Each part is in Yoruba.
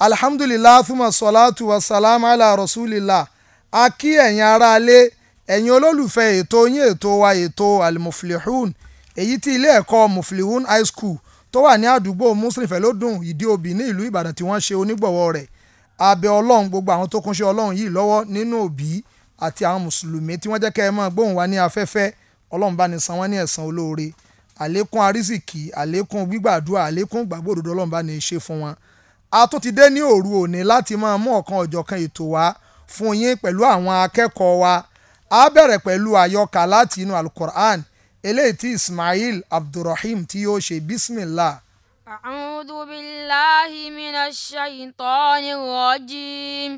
alhamdulillah thumma salatu wa salam ala rasulillah a kí ẹ̀yin aráalé ẹ̀yin olólùfẹ́ ètò yín ètò wa ètò almuflihun èyí tí ilé ẹ̀kọ́ muflihun high school tó wà ní àdúgbò muslim fẹ́lódùn ìdí òbí ní ìlú ìbàdàn tí wọ́n ṣe onígbọ̀wọ́ rẹ̀ abẹ́ ọlọ́run gbogbo àwọn tó kúnṣe ọlọ́run yìí lọ́wọ́ nínú òbí àti àwọn mùsùlùmí tí wọ́n jẹ́ kẹ́ ẹ máa gbóhùn wa ní afẹ́fẹ́ ọlọ́run bá ní san wọ́n ní ẹ̀san olóore àlékún arísìkì àlékún gbígbàdúrà àlékún gbàgbọ́ òdodo ọlọ́run bá ní ṣe fún wọn a tún ti dé ní òru òní láti máa mú ọ̀kan ọ̀jọ̀kan ètò wá fún yín pẹ̀lú àwọn akẹ́kọ̀ọ́ wa a bẹ̀rẹ̀ pẹ̀lú àyọkà láti inú alukur'an eléyìí tí Ismail Abdulrahim tí yóò ṣe bismillah. A'udhu billahi minash shaytanir rajim.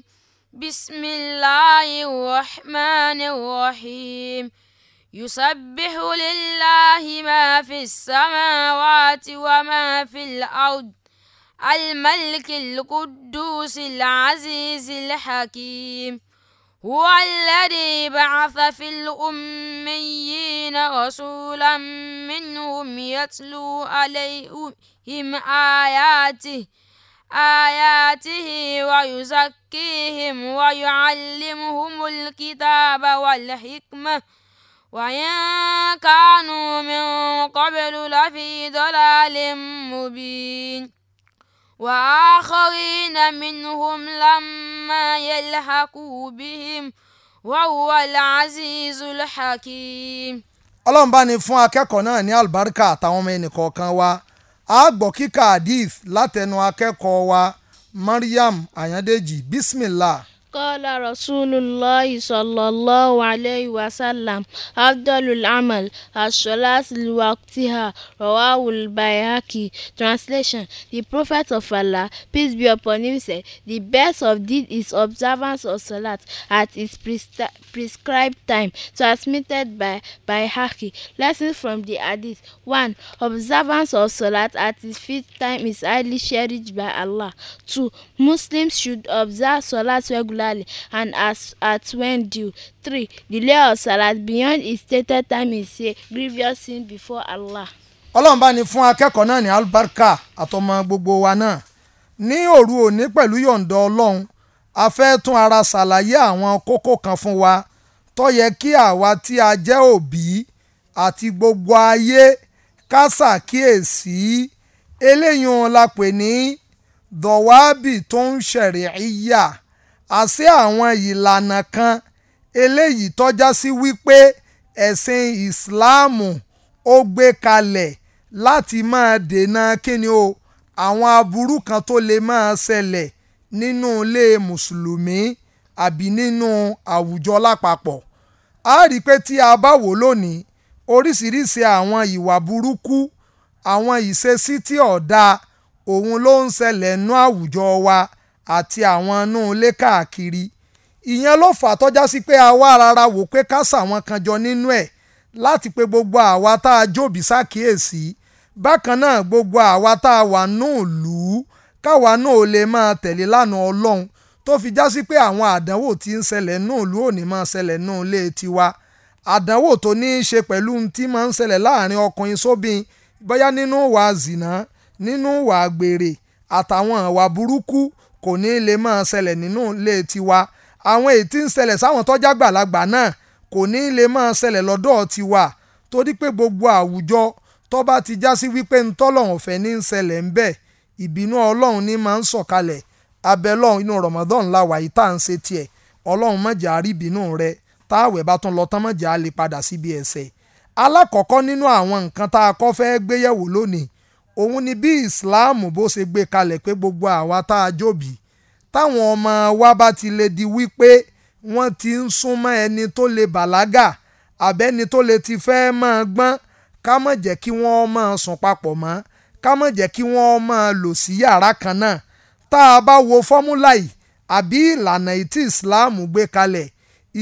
بسم الله الرحمن الرحيم يسبح لله ما في السماوات وما في الأرض الملك القدوس العزيز الحكيم هو الذي بعث في الأميين رسولا منهم يتلو عليهم آياته آياته ويزكيهم ويعلمهم الكتاب والحكمة وإن كانوا من قبل لفي ضلال مبين وآخرين منهم لما يلحقوا بهم وهو العزيز الحكيم ọlọ́run bá ní fún akẹ́kọ̀ọ́ náà ní àlùbáríkà àtàwọn ọmọ ẹnìkọ̀ọ̀kan wa a gbọ́ kíkà hadith látẹnu akẹ́kọ̀ọ́ wa Mariam Ayandeji bismillah. قال رسول الله صلى الله عليه وسلم أفضل العمل الصلاة لوقتها رواه البيهقي Translation The Prophet of Allah, peace be upon him, said, The best of deed is observance of Salat at its prescribed time. Transmitted by Bayhaqi. Lessons from the Hadith One, Observance of Salat at its fifth time is highly cherished by Allah. Two, Muslims should observe Salat regularly regularly and as at when due. three delay of salat beyond its stated time is a grievous sin before Allah. ọlọ́run bá ní fún akẹ́kọ̀ọ́ náà ní albarka àtọmọ gbogbo wa náà ní òru òní pẹ̀lú yọ̀ǹda ọlọ́run a fẹ́ tún ara ṣàlàyé àwọn kókó kan fún wa tó yẹ kí àwa tí a jẹ́ òbí àti gbogbo ayé ká ṣàkíyèsí eléyìí la pè ní dọ̀wábì tó ń ṣẹ̀rí ìyá àṣé àwọn ìlànà kan eléyìí tọ́já sí wípé ẹ̀sìn ìsìláàmù ó gbé kalẹ̀ láti máa dènà kíni o àwọn aburú kan tó lè máa ṣẹlẹ̀ nínú ilé mùsùlùmí àbí nínú àwùjọ lápapọ̀ a rí i pé tí a bá wò lónìí oríṣiríṣi àwọn ìwà burúkú àwọn ìṣesí tí ọ̀dà òun ló ń ṣẹlẹ̀ nú àwùjọ wa àti àwọn inú ilé káàkiri ìyẹn ló fà tọ́já sí pé àwa rárá wò pé ká sàwọn kan jọ nínú ẹ̀ láti pé gbogbo àwa tá a jòbí ṣàkíyèsí bákan náà gbogbo àwa tá a wà nù lù ú káwa náà ò lè máa tẹ̀lé lánàá ọlọ́run tó fi já sí pé àwọn àdánwò tí ń ṣẹlẹ̀ nù lù ò ní máa ṣẹlẹ̀ nù lé tiwa àdánwò tó ní í ṣe pẹ̀lú tí máa ń ṣẹlẹ̀ láàrin ọkùnrin sóbìn bóyá nínú ìwà zìnà nínú ìwà àgbèrè àtàwọn ìwà burúkú kò ní lè máa ṣẹlẹ̀ nínú ilé tiwa àwọn èyí tí ń ṣẹlẹ̀ sáwọn tọ́jà gbàlagbà náà kò ní lè máa ṣẹlẹ̀ lọ́dọ̀ tiwa torí pé gbogbo àwùjọ tó bá ti já sí wípé ń tọ́lọ́hún fẹ́ ní ń ṣẹlẹ̀ ń bẹ̀ ìbínú ọlọ́run ní máa ń sọ̀kalẹ̀ abẹ́lọ́hún inú Ramadan la wà yìí tá à ń ṣe tiẹ̀ ọlọ́run mọ̀jà rí ìbínú rẹ̀ táwẹ̀ bá tún lọ tán mọ̀jà lè padà síbi ẹ̀ṣẹ̀ alákọ̀ọ́kọ́ nínú àwọn nǹkan tá a kọ́ fẹ́ gbéyẹ̀wò lónìí òun ni bí Islam bó ṣe gbé kalẹ̀ pé gbogbo àwa tá a jòbí táwọn ọmọ wa bá ti lè di wípé wọ́n ti ń súnmọ́ ẹni tó lè bàlágà àbẹ́ni tó lè ti fẹ́ máa gbọ́n ká má jẹ́ kí wọ́n máa sùn papọ̀ mọ́ ká má jẹ́ kí wọ́n máa lò sí yàrá kan náà tá a bá wo fọ́múlà yìí àbí ìlànà yìí tí Islam gbé kalẹ̀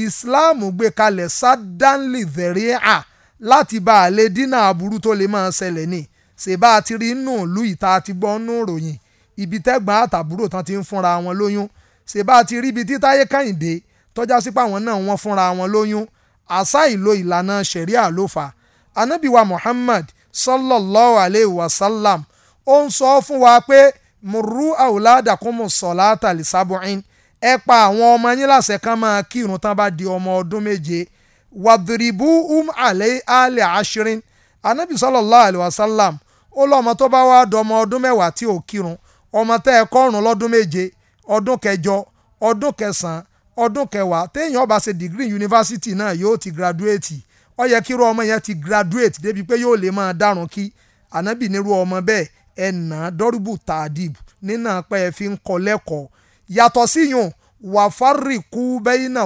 Islam gbé kalẹ̀ sádánlì dẹ̀ríà láti bá a lè dínà aburú tó lè máa ṣẹlẹ̀ ni ṣèbá àti rí nù lù ìta àti gbọ́ nù ròyìn ibi tẹ́gbọ́n àtàbúrò tán ti ń fúnra wọn lóyún ṣèbá àti rí ibi tí Táyé Kẹ́hìndé tọ́já sí páwọn náà wọ́n fúnra wọn lóyún àṣà ìlò ìlànà ṣẹ̀ríà ló fà anábìwa Muhammad sallallahu alayhi wa sallam ó ń sọ fún wa pé muru awladakumu salata lisabu'in ẹ pa àwọn ọmọ yín láṣẹ kan máa kírun tán bá di ọmọ ọdún méje wadribu um alẹ́ alẹ́ anábì sallallahu alayhi ó lọ́mọ tó bá wá dọmọ ọdún mẹ́wàá tí ò kírun ọmọ tẹ́ ẹ kọ́rùn lọ́dún méje ọdún kẹjọ ọdún kẹsàn-án ọdún kẹwàá téèyàn bá ti graduate ọ yẹ kí ọmọ yẹn ti graduate débi pé yóò lè máa dárun kí ànábì nírú ọmọ bẹ́ẹ̀ ẹ̀ nà dọ́rùbù tàdíb nínà pé ẹ fi ń kọ́ lẹ́kọ̀ọ́ yàtọ̀ síyùn wàfárì kú bẹ́yìn náà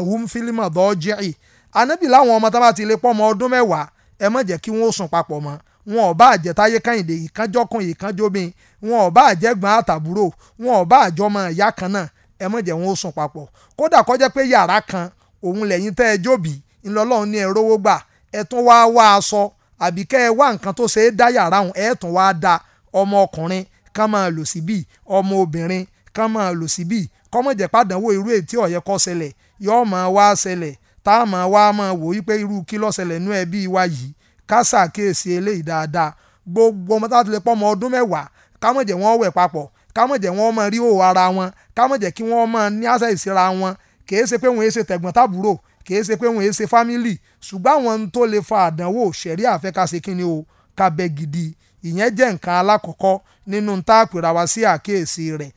ọmọ tá bá ti lè pọ́ ọmọ ọdún mẹ́wàá ẹ jẹ́ kí wọ́n wọn ò bá àjẹ́ táyé kẹ́hìndé ìkánjọ́kùn ìkánjọ́bìn wọn ò bá àjẹ́ gbọ́n àtàbúrò wọn ò bá àjọmọ ìyá kan náà ẹ mọ̀ jẹ́ wọn ó sùn papọ̀ kódà kó jẹ́ pé yàrá kan òun lẹ́yìn tẹ́ ẹ jóbi ńlọ́lọ́run ní ẹ rówó gbà ẹ tún wá wá aṣọ àbí kẹ́ ẹ wá nǹkan tó ṣe é dá yàrá òun ẹ tún wá da ọmọ ọkùnrin kán máa lò síbí ọmọ obìnrin kán máa lò síbí kọ́mọ̀jẹ̀ pàdánwò irú ètí ọ̀yẹ́ kọ́ ṣẹlẹ̀ yọ́ọ́ máa wá ṣẹlẹ̀ tá a máa wá máa wò wípé irú kí ló nú ẹbí wa yìí ká ṣàkíyèsí eléyìí dáadáa gbogbo ọmọ táwọn ti lè pọ́ ọmọ ọdún mẹ́wàá ká má jẹ́ wọ́n wẹ̀ papọ̀ ká má jẹ́ wọ́n máa rí òwò ara wọn ká má jẹ́ kí wọ́n máa ní àṣà ìsira wọn kìí ṣe pé wọ́n ṣe tẹ̀gbọ́n tàbúrò kìí ṣe pé wọ́n ṣe fámìlì ṣùgbọ́n àwọn ohun tó lè fa àdánwò ṣẹ̀rí àfẹ́kàṣe kínní o ká bẹ gidi ìyẹn jẹ́ nǹkan alákọ̀ọ́kọ́ nínú tá a sí àkíyèsí rẹ̀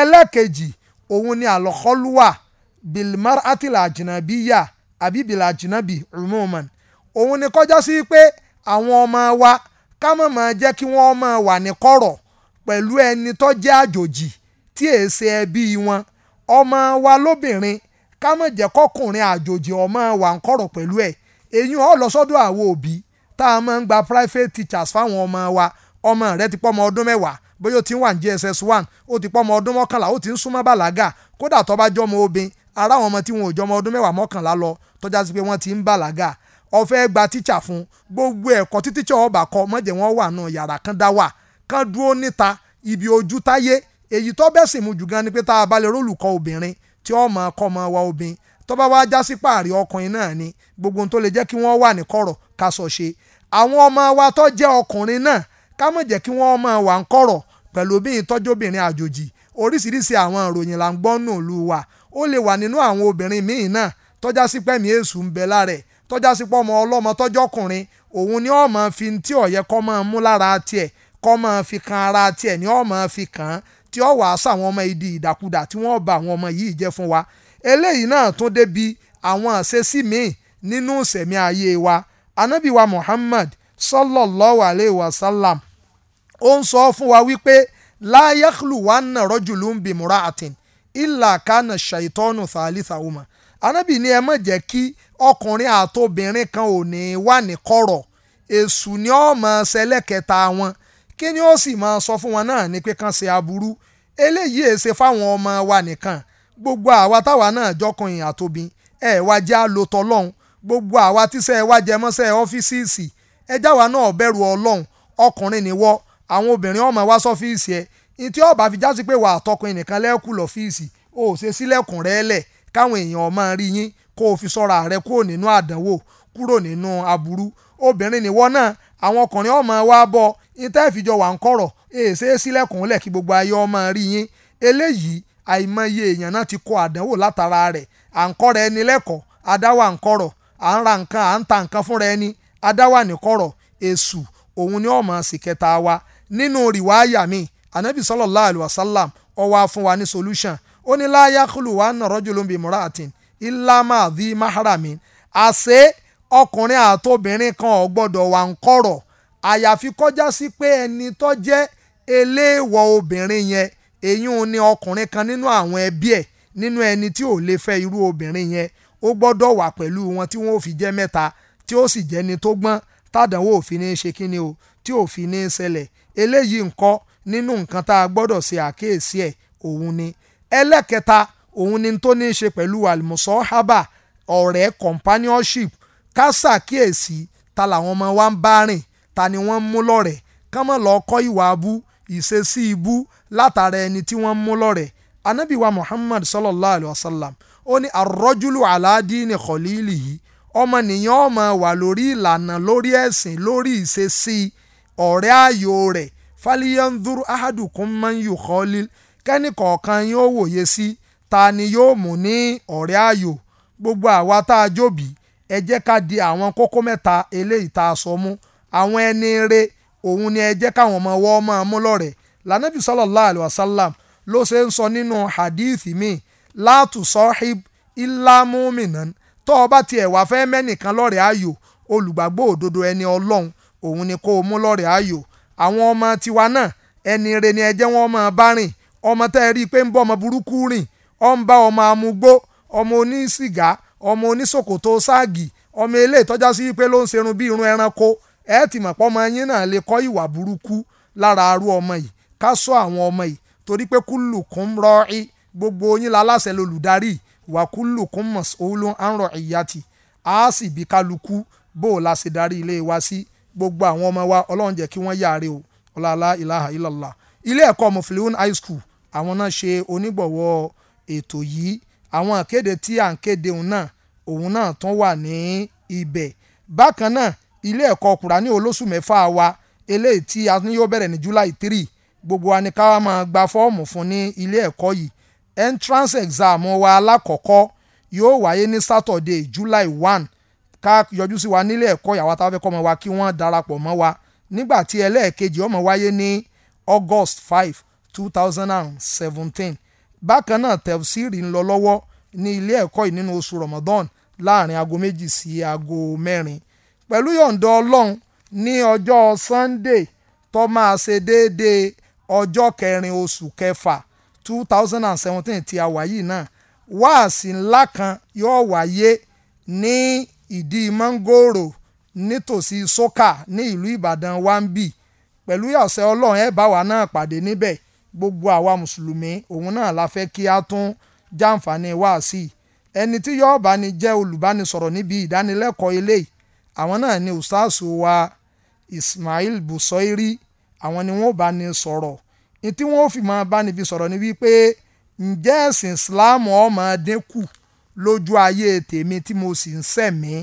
ẹlẹ́kejì òun ni àlọ́kọ́lùwà bilmar atila àjìnàbí àbí bilajinabi rumuman òun ni kọjá sí pé àwọn ọmọ wa ká mọ̀ mọ̀ jẹ́ kí wọ́n mọ̀ wà ní kọ̀rọ̀ pẹ̀lú ẹni tó jẹ́ àjòjì tí èé ṣe ẹbí wọn ọmọ wa lóbìnrin ká mọ̀ jẹ́ kọkùnrin àjòjì ọmọ wa ń kọ̀rọ̀ pẹ̀lú ẹ̀ èyí ọ̀ lọ sọ́dọ̀ àwọn òbí tá a máa ń gba private teachers fáwọn ọmọ wa ọmọ rẹ ti pọ́mọ ọdún mẹ́wàá bóyá o ti ń wà ní JSS one o ti pọ́mọ ọdún mọ́kànlá o ti ń súnmọ́ bàlágà kódà tó bá jọmọ obìnrin ara àwọn ọmọ tí wọn ò jọmọ ọdún mẹ́wàá mọ́kànlá lọ tọ́já sí pé wọ́n ti ń bàlágà ọfẹ gba tíṣà fún gbogbo ẹ̀kọ́ tí tíṣà ọba kọ mọ̀jẹ̀ wọn wà náà yàrá kan dá wà kan dúró níta ibi ojú táyé èyí tó bẹ́ sì jù gan ni pé tá a rólùkọ́ obìnrin tí ó ọkọ ọmọ wa obìnrin tó bá wá já ni gbogbo tó lè jẹ́ wa tó jẹ́ ọkùnrin náà ká jẹ́ kí wọ́n ń kọ̀rọ̀ pẹ̀lú bí àjòjì oríṣiríṣi àwọn ìròyìn là ń gbọ́ nù lù wà ó lè wà nínú àwọn obìnrin míì náà tọ́já sí èṣù ń bẹ lára tọ́já sí pọ́ ọmọ ọlọ́mọ tọ́jọ́kùnrin òun ni ọmọ fi tí ọ̀yẹ kọ́ máa mú lára tiẹ̀ kọ́ máa fi kan ara tiẹ̀ ni ọmọ fi kàn án tí ó wàá sàwọn ọmọ ìdí ìdàkudà tí wọ́n bá àwọn ọmọ yìí jẹ́ fún wa eléyìí náà tún débi àwọn àṣesí míì nínú ìṣẹ̀mí ayé wa anábì wa Muhammad sallallahu alayhi wa sallam ó ń sọ fún wa wípé láyàkùlù wa nà rọ́jùlù ń bìmúra àtìn ìlà kánà ṣàìtọ́nù thalitha uma anábì ni ẹ má jẹ́ kí ọkùnrin àtobìnrin kan ò ní wà ní kọ̀rọ̀ èṣù ni ó máa ṣẹlẹ́kẹta wọn kí ni ó sì máa sọ fún wọn náà ni pé kán ṣe aburú eléyìí èṣe fáwọn ọmọ wa nìkan gbogbo àwa táwa náà jọkùnrin àtobìn ẹ wá já lo tọlọ́hún gbogbo àwa tíṣẹ́ wá jẹmọ́ṣẹ́ ọ́fíìsì ẹ jáwa náà bẹ̀rù ọlọ́hun ọkùnrin nìwọ àwọn obìnrin ọmọ wa sọ́fíìsì ẹ ní tí ọba fi jásí pé wà á tọkùnrin nìkan lẹ́kù lọ́fíìsì ò ṣe sílẹ̀kùn rẹ́ lẹ̀ káwọn èèyàn ọmọ rí yín kó o fi sọ́ra rẹ kúrò nínú àdánwò kúrò nínú aburú obìnrin nìwọ náà àwọn ọkùnrin ọmọ wa bọ ìtẹ́ ìfijọ wà ń kọ̀rọ̀ èsè sílẹ̀kùnlẹ̀ kí gbogbo ayé ọmọ rí yín eléyìí àìmọye èèyàn náà ti kó àdánwò látara rẹ̀ à ń kọ́ ra ẹni lẹ́kọ̀ọ́ adáwà ń kọ̀rọ̀ à ń ra nǹkan à ń ta nǹkan fúnra ẹni adáwà ní kọ̀rọ̀ èṣù òun ni ọmọ sì kẹta wa nínú rìwáyà mi anabi sallallahu alaihi wasallam ó wá ní solution ó ní láyà kúlù wa ń nà rọ́jò ló ń bi mùràtìn ilama vi maharami àṣé ọkùnrin àtobìnrin kan ò gbọ́dọ̀ wà ń kọ̀rọ̀ àyàfi kọjá sí pé ẹni tó jẹ́ eléèwọ̀ obìnrin yẹn èyún ni ọkùnrin kan nínú àwọn ẹbí ẹ̀ nínú ẹni tí ò lè fẹ́ irú obìnrin yẹn ó gbọ́dọ̀ wà pẹ̀lú wọn tí wọ́n ò fi jẹ́ mẹ́ta tí ó sì jẹ́ni tó gbọ́n tàdánwò òfin ní í ṣe kíni o tí òfin ní í ṣẹlẹ̀ eléyìí ńkọ́ nínú nǹkan tá a gbọ́dọ̀ ṣe àkíyèsí ẹ̀ òun ni ẹlẹ́kẹta òun ni tó ní í ṣe pẹ̀lú almusahaba ọ̀rẹ́ companionship ká ṣàkíyèsí ta làwọn ọmọ wa ń bá rìn ta ni wọ́n ń mú lọ́rẹ̀ẹ́ ká má lọ kọ́ ìwà abú ìṣesí ibú látara ẹni tí wọ́n ń mú lọ́rẹ̀ẹ́ Ànábì Muhammad sallallahu alayhi wa sallam ó ní arrojulu aládìní kọ̀líìlì yìí ọmọnìyàn ọmọ wà lórí ìlànà lórí ẹ̀sìn lórí ìṣesí ọ̀rẹ́ ààyò rẹ̀ faliyanzuru ahadukum man yukhalil kẹ́nìkọ̀ọ̀kan yín ó wòye sí ta ni yóò mú ní ọ̀rẹ́ ààyò gbogbo àwa tá a jòbí ẹ jẹ́ ká di àwọn kókó mẹ́ta eléyìí tá a sọ mú àwọn ẹni re òun ni ẹ jẹ́ káwọn ọmọ wọ́ máa mú lọ́rẹ̀ lànàbí sallallahu alayhi wa sallam ló ṣe ń sọ nínú hadith mi látù sọ́hib illa mu'minan tó o bá tiẹ̀ wá fẹ́ mẹ́nìkan lọ́rẹ̀ ààyò olùgbàgbọ́ òdodo ẹni ọlọ́run òun ni kó o mú lọ́rẹ̀ ààyò àwọn ọmọ tiwa náà ẹni re ni ẹ jẹ́ wọn máa bá rìn ọmọ tẹ́ ẹ rí i pé ń bọ́ ọmọ burúkú rìn ọ ń bá ọmọ amúgbó ọmọ onísìgá ọmọ oníṣòkòtò ságì ọmọ ilé ìtọ́já sí pé ló ń serun bí irun ẹranko ẹ ti mọ̀ pọ́ ọmọ yín náà lè kọ́ ìwà burúkú lára arú ọmọ yìí ká sọ àwọn ọmọ yìí torí pé kúlùkùn rọ́ọ̀ì gbogbo yín la aláṣẹ lolùdarí wà kúlùkùn mọ̀sọ́lù àńrọ̀ ìyàtì á sì bí kálukú bó o la ṣe darí ilé wa sí gbogbo àwọn ọmọ wa ọlọ́run jẹ́ kí wọ́n yáre o ọlọ́lá ilaha ìlàlá ilé ẹ̀kọ́ mufiliun high school àwọn náà ṣe onígbọ̀wọ́ ètò yìí àwọn àkéde tí à ń kéde òun náà òun náà tún wà ní ibẹ̀ bákan náà ilé ẹ̀kọ́ kùránì olóṣù mẹ́fà wa eléyìí tí a ní yóò bẹ̀rẹ̀ ní July three gbogbo wa ni ká wá máa gba fọ́ọ̀mù fún ní ilé ẹ̀kọ́ yìí entrance exam wa alákọ̀ọ́kọ́ yóò wáyé ní Saturday July one ká yọjú sí wa nílé ẹ̀kọ́ yàwá tá a fẹ́ kọ́ ọmọ wa kí wọ́n darapọ̀ mọ́ wa nígbà ẹlẹ́ẹ̀kejì ọmọ wáyé ní August five two thousand and seventeen bákan náà tẹ̀síìrì ń lọ lọ́wọ́ ní ilé ẹ̀kọ́ yìí nínú oṣù Ramadan láàrin aago méjì sí aago mẹ́rin pẹ̀lú yọ̀ǹda Ọlọ́run ní ọjọ́ Sunday tó máa ṣe déédéé ọjọ́ kẹrin oṣù kẹfà two thousand and seventeen tí a wà yìí náà wáàsí ńlá kan yóò wáyé ní ìdí mọ́ngòrò nítòsí sókà ní ìlú Ìbàdàn wambi pẹ̀lú yọ̀ọ̀sẹ̀ Ọlọ́run ẹ̀ bá wa náà pàdé níbẹ̀ gbogbo àwa mùsùlùmí òun náà la fẹ́ kí a tún jàǹfààní wáàsí ẹni tí yóò bá ní jẹ́ olùbánisọ̀rọ̀ níbi ìdánilẹ́kọ̀ọ́ eléyìí àwọn náà ni ustaasu wa Ismail Busoiri àwọn ni wọ́n bá ní sọ̀rọ̀ ní tí wọ́n fi máa bá níbi sọ̀rọ̀ ni wípé ǹjẹ́ ẹ̀sìn Islam ó máa dínkù lójú ayé tèmi tí mo sì ń sẹ̀mí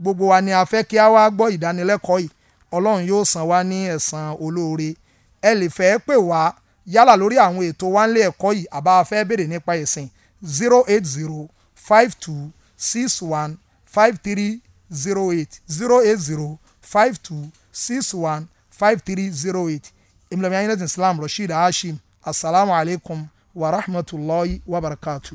gbogbo wa ni a fẹ́ kí a wá gbọ́ ìdánilẹ́kọ̀ọ́ yìí ọlọ́run yóò san wá ní ẹ̀san olóore ẹ lè fẹ́ pè wá 0244 yálà lórí àwọn ètò wánlé ẹ̀kọ́ yìí àbá afẹ́ béèrè nípa ẹ̀sìn zero eight zero five two six one five three zero eight zero eight zero five two six one five three zero eight emilami ayinlẹ́sìn islam rasheed hashim asalaamualeykum wa rahmatulahi wa barakatu.